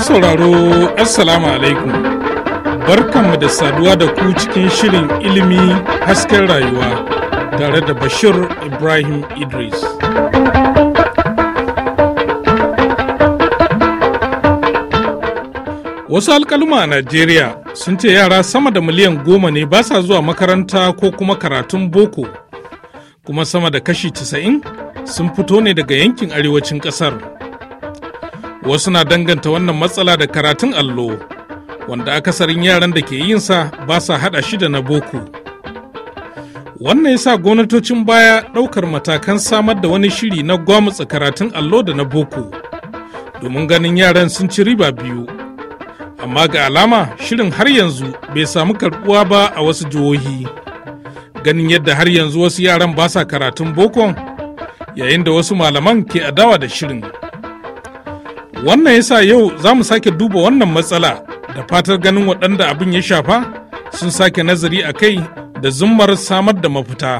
Masu sauraro Assalamu alaikum barkanmu da saduwa da ku cikin shirin ilimi hasken rayuwa tare da Bashir Ibrahim Idris. Wasu alkaluma a Najeriya sun ce yara sama da miliyan goma ne ba sa zuwa makaranta ko kuma karatun boko kuma sama da kashi 90 sun fito ne daga yankin arewacin ƙasar. wasu na danganta wannan matsala da karatun allo wanda akasarin yaran da ke yinsa ba sa haɗa shi da na boko wannan yasa gwamnatocin baya ɗaukar matakan samar da wani shiri na gwamutsa karatun allo da na boko domin ganin yaran sun ci riba biyu amma ga alama shirin har yanzu bai samu karbuwa ba a wasu jihohi ganin yadda har yanzu wasu yaran ba sa karatun bokon yayin da wasu malaman ke adawa da shirin Wannan yasa yau za mu sake duba wannan matsala da fatar ganin waɗanda abin ya shafa sun sake nazari a kai da zummar samar da mafita.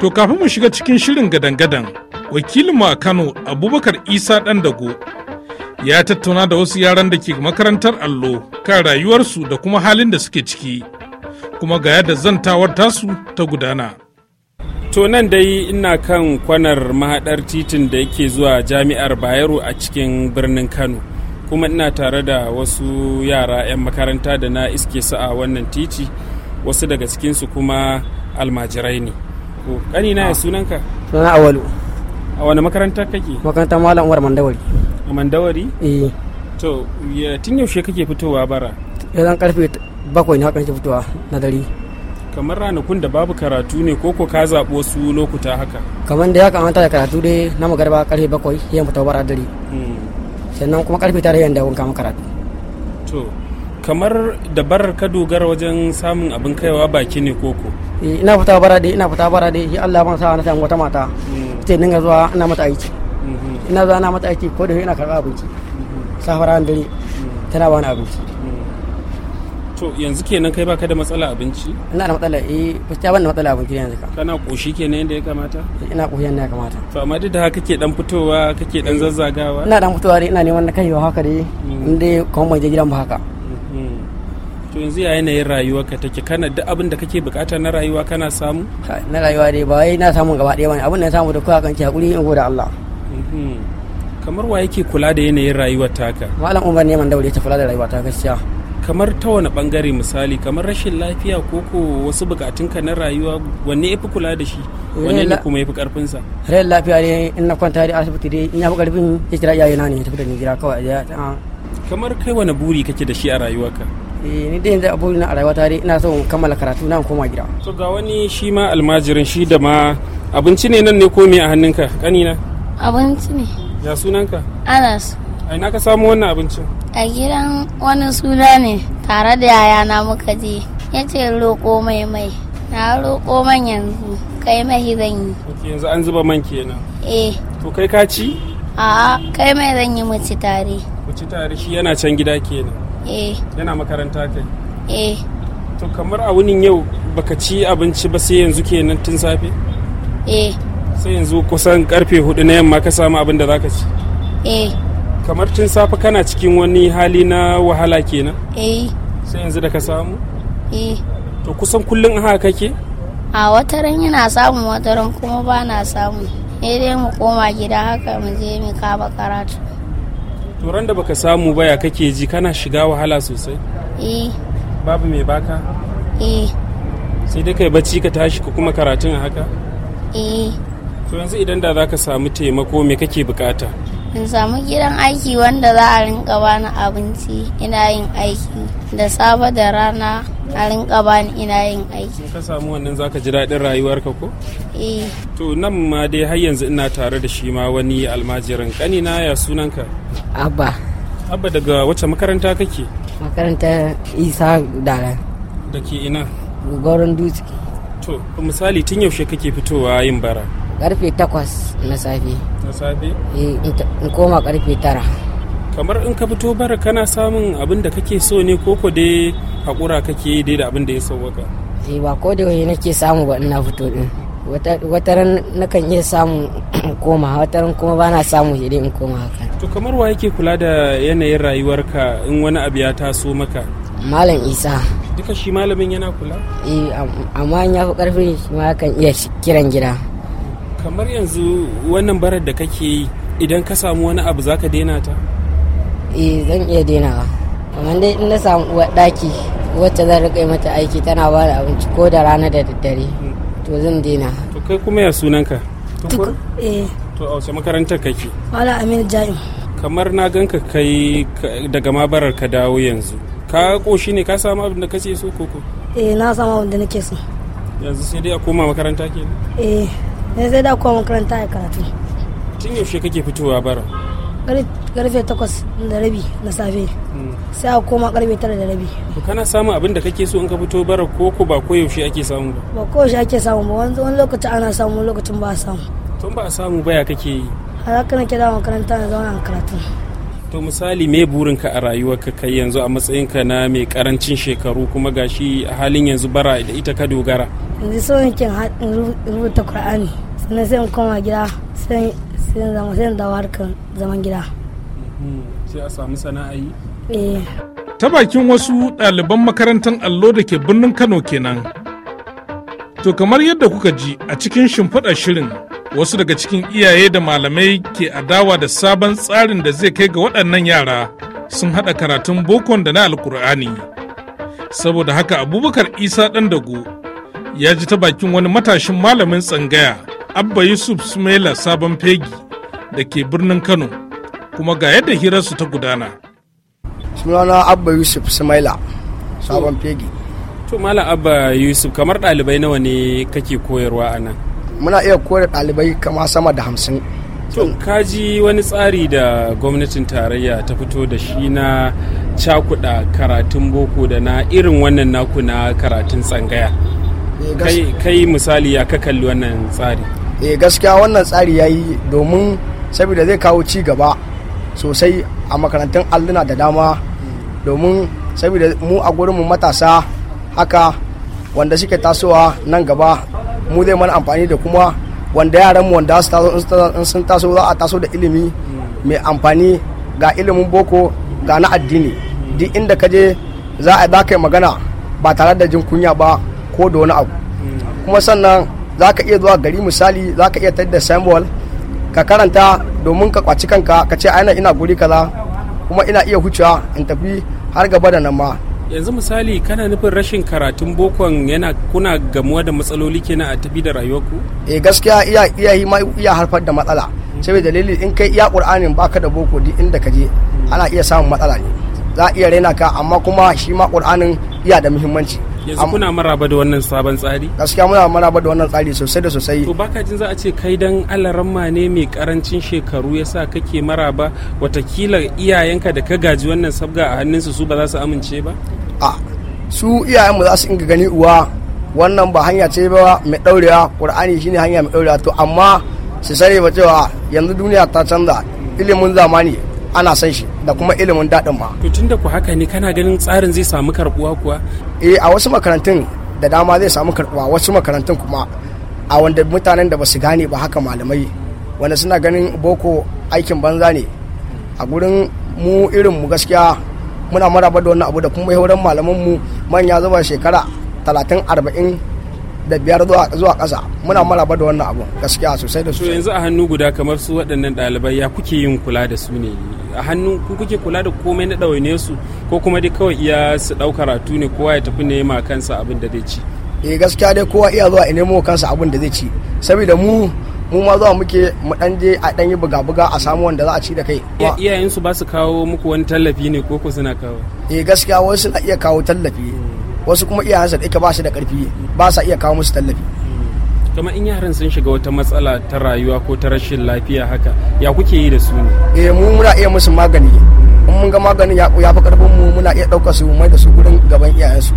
To kafin mu shiga cikin shirin gadan-gadan, wakilinmu a Kano Abubakar Isa dago ya tattauna da wasu yaran da ke makarantar allo kan rayuwarsu da kuma halin da suke ciki, kuma ga yadda zantawar tasu ta gudana. to nan dai ina kan kwanar mahaɗar titin da yake zuwa jami'ar bayero a cikin birnin kano kuma ina tare da wasu yara 'yan makaranta da na iske su a wannan titi wasu daga cikinsu kuma almajirai ne kani na ya ah. sunanka suna awalu a wani makaranta kake makaranta malam umar mandawari a mandawari iya eh. to tun yaushe kake fitowa bara yanzu karfe bakwai ne haka nake fitowa na dare kamar ranakun da babu karatu ne ko ka zaɓi wasu lokuta haka kamar da ya kamata da karatu dai na magarba karfe bakwai yin fita bara dare hmm. sannan kuma karfe tare yadda dawon kama karatu to kamar da barar ka dogara wajen samun abin kaiwa baki ne koko eh, ina fita bara dai ina fita bara dai Allah ban sa na samu wata mata ta hmm. dinga zuwa ina mata aiki hmm. ina zuwa ina mata aiki ko da ina karɓa abinci safara dare tana bani abinci to yanzu kenan kai baka da matsala abinci ina da matsala eh gaskiya ban da matsala abinci yanzu ka kana koshi kenan yanda ya kamata ina koshi yanda ya kamata to amma duk da haka kake dan fitowa kake dan zazzagawa ina dan fitowa ina neman na kaiwa haka dai mm. in dai kuma ban je gidan ba haka mm-hmm. to yanzu ya yanayin rayuwa ka take kana duk abin da kake bukata na rayuwa kana samu na rayuwa dai ba wai na samu gaba ɗaya bane abin da na samu da kowa kan ki hakuri in gode Allah mm-hmm. kamar wa yake kula da yanayin rayuwar taka malam umar neman daure ta kula da rayuwa ta gaskiya kamar ta wani bangare misali kamar rashin lafiya ko ko wasu bukatunka na rayuwa wanne yafi kula da shi wanne ne kuma yafi karfin sa rayuwar lafiya ne in na kwanta da asibiti dai in ya fi karfin ya iyaye na ne ya tafi da ni gida kawai ya kamar kai wani buri kake da shi a rayuwarka eh, ni dai yanzu na a rayuwa tare ina son kammala karatu na koma gida to ga wani shi ma almajirin shi da ma abinci ne nan ne ko me a hannunka kanina abinci ne ya sunanka anas a ina ka samu wannan abincin a gidan wani suna ne tare da yayana muka je ya ce roƙo mai mai na roƙo man yanzu kai mai zan yi yanzu an zuba man kenan eh to kai ka ci a'a kai mai zan yi muci tare muci tare shi yana can gida kenan eh yana makaranta kai eh to kamar a wunin yau baka ci abinci ba sai yanzu kenan tun safe eh sai yanzu kusan karfe hudu na yamma ka samu abin da zaka ci eh kamar tun safe kana cikin wani hali na wahala kenan eh sai yanzu da ka samu eh to kusan kullum haka kake a wataran yana samu wataran kuma ba na samu eh dai mu koma gida haka mu je mu kaba karatu to ran da baka samu baya kake ji kana shiga wahala sosai eh babu mai baka eh sai dai kai bacci ka tashi ka kuma karatun haka eh to yanzu idan da zaka samu taimako me kake bukata in samu gidan aiki wanda za a rinka bani abinci ina yin aiki da safe da rana a rinka bani ina yin aiki ka samu wannan zaka ji daɗin rayuwarka ko eh to nan ma dai har yanzu ina tare da shi ma wani almajirin kanina ya sunanka abba abba daga wacce makaranta kake makaranta isa dala da ke ina goron dutse to misali tun yaushe kake fitowa yin bara karfe takwas na safe na safe eh, in koma karfe tara kamar in ka fito bara kana samun abin da kake so ne ko ko dai hakura kake dai da abin da ya sauwaka eh ba ko da wani nake samu ba ina fito din wata ran nakan iya samu koma wata ran kuma bana samu shi in koma haka to kamar wa yake kula da yanayin rayuwarka in wani abu ya taso maka malam isa duka shi malamin yana kula eh amma ya fi karfin shi ma kan iya kiran gida kamar yanzu wannan barar da kake yi idan ka samu wani abu za ka daina ta eh zan iya dainawa kamar dai in na samu uwar daki wacce zan riƙa mata aiki tana ba da abinci ko da rana da daddare to zan daina to kai kuma ya sunanka tukur eh. to a wace makarantar kake wala aminu jami kamar na ganka kai daga mabarar ka dawo yanzu ka koshi ne ka samu abin da ce so koko eh na samu abin da nake so yanzu sai dai a koma makaranta ke eh yanzu zai kuma makaranta ya karatu tun yaushe kake fitowa bara karfe takwas da rabi na safe hmm. sai a koma karfe tara da rabi kana samun abin da kake so in ka fito bara ko ko ba ko yaushe ake samu ba ba ko yaushe ake samu ba wani lokaci ana samu lokacin ba a samu tun ba a samu baya kake yi a haka nake da makaranta na zauna karatu to misali me burinka a rayuwarka kai yanzu a matsayinka na mai karancin shekaru kuma gashi a halin yanzu bara da ita ka dogara yanzu sun yake rubuta kur'ani sannan sai koma gida sai dawo harkar zaman gida mm-hmm. sai a samu sana'a yi eh. ta bakin wasu ɗaliban makarantar allo da ke birnin kano kenan to kamar yadda kuka ji a cikin shimfiɗar shirin wasu daga cikin iyaye da malamai ke adawa da sabon tsarin da zai kai ga waɗannan yara sun haɗa karatun bokon da na alkur'ani saboda haka abubakar isa ɗan dago ya ji ta bakin wani matashin malamin tsangaya abba yusuf sumaila sabon fegi da ke birnin kano kuma ga yadda hirarsu ta gudana sunana abba yusuf sumaila sabon fegi to mala abba yusuf kamar ɗalibai nawa ne kake koyarwa a nan muna iya koyar ɗalibai kama sama da hamsin to kaji wani tsari da gwamnatin tarayya ta fito da shi na cakuɗa karatun boko da na irin wannan naku na karatun tsangaya Eh, kai misali ya ka kalli wannan tsari eh gaskiya wannan tsari ya yi domin saboda zai kawo ci gaba sosai a makarantun alluna da dama domin saboda mu a gurinmu matasa haka wanda suke tasowa nan gaba mu zai mana amfani da kuma wanda yaranmu wanda sun taso za a taso da ilimi mai amfani ga ilimin boko ga na addini duk inda ka je za a yi magana ba tare da jin kunya ba ko da wani abu kuma sannan za ka iya zuwa gari misali za ka iya tadda symbol ka karanta domin ka kwaci kanka ka ce aina ina guri kaza kuma ina iya hucewa in tafi har gaba da nan ma yanzu misali kana nufin rashin karatun bokon yana kuna gamuwa da matsaloli kenan a tafi da rayuwarku eh gaskiya iya iya ma iya harfar da matsala saboda dalili in kai iya qur'anin baka da boko duk inda ka je ana iya samun matsala ne za a iya raina ka amma kuma shi ma qur'anin iya da muhimmanci yanzu kuna maraba da wannan sabon tsari gaskiya muna maraba da wannan tsari sosai da sosai to baka jin za a ce kai dan alaramma ne mai karancin shekaru yasa kake maraba watakila iyayenka da ka gaji wannan sabga a hannunsu su ba za su amince ba a su iyayenmu za su inga gani uwa wannan ba hanya ce ba mai daurewa qur'ani shine hanya mai daurewa to amma su sani ba cewa yanzu duniya ta canza ilimin zamani ana san shi da kuma ilimin daɗin ma. To tun da ku haka ne kana ganin tsarin zai samu karɓuwa kuwa? Eh a wasu makarantun da dama zai samu karɓuwa wasu makarantun kuma a wanda mutanen da ba su gane ba haka malamai wanda suna ganin boko aikin banza ne a gurin mu irin mu gaskiya muna maraba da wannan abu da kuma yauran malaman mu manya zuba shekara talatin arba'in da biyar zuwa ƙasa muna maraba da wannan abun gaskiya sosai da sosai yanzu a hannu guda kamar su waɗannan ɗalibai ya kuke yin kula da su ne a hannu ku kuke kula da komai na ɗawaine su ko kuma dai kawai iya su ɗau karatu ne kowa ya tafi nema kansa abin da zai ci eh gaskiya dai kowa iya zuwa ya nemo kansa abin da zai ci saboda mu mu ma zuwa muke mu dan je a dan yi buga-buga a samu wanda za a ci da kai. Iyayensu ba su kawo muku wani tallafi ne ko ku suna kawo? Eh gaskiya wasu suna iya kawo tallafi. Mm. wasu kuma iyayensa da ika ba su da karfi ba sa iya kawo musu tallafi kamar in yaran sun shiga wata matsala ta rayuwa ko ta rashin lafiya haka ya kuke yi da su ne eh mu muna iya musu magani in mun ga maganin ya ya fi karfin mu muna iya ɗaukar su mai da su gurin gaban iyayensu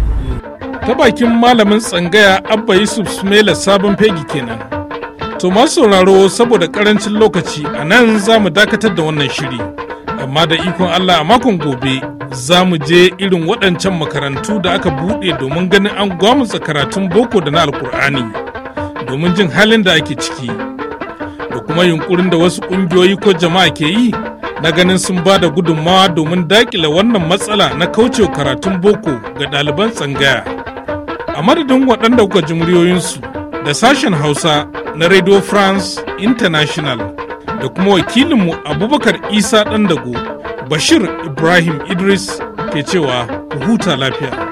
ta bakin malamin tsangaya abba yusuf sumela sabon fegi kenan to masu sauraro saboda karancin lokaci a nan za mu dakatar da wannan shiri amma da ikon allah a makon gobe za mu je irin waɗancan makarantu da aka buɗe domin ganin an gwamutsa karatun boko da na alkur'ani domin jin halin da ake ciki da kuma yunkurin da wasu ƙungiyoyi ko jama'a ke yi na ganin sun ba da gudunmawa domin daƙile wannan matsala na kaucewa karatun boko ga ɗaliban tsangaya a madadin waɗanda kuka ji muryoyinsu da sashen hausa na radio france international da kuma wakilinmu abubakar isa ɗan dago. Bashir Ibrahim Idris ke cewa huta lafiya.